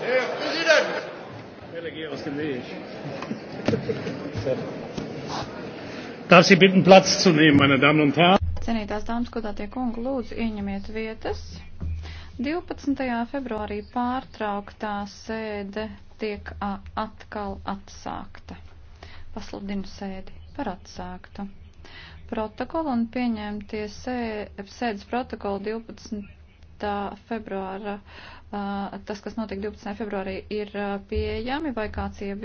Herr Präsident! Delegiere aus dem Weg. Darf Sie bitten, Platz zu nehmen, meine Damen und Herren? Cenītās dāmas, godātie kungi, lūdzu, ieņemiet vietas. 12. februārī pārtrauktā sēde tiek atkal atsākta. Pasludinu sēdi par atsāktu. Protokolu un pieņemtie sēdes protokolu 12 februāra, tas, kas notika 12. februārī, ir pieejami vai kāds iebilst?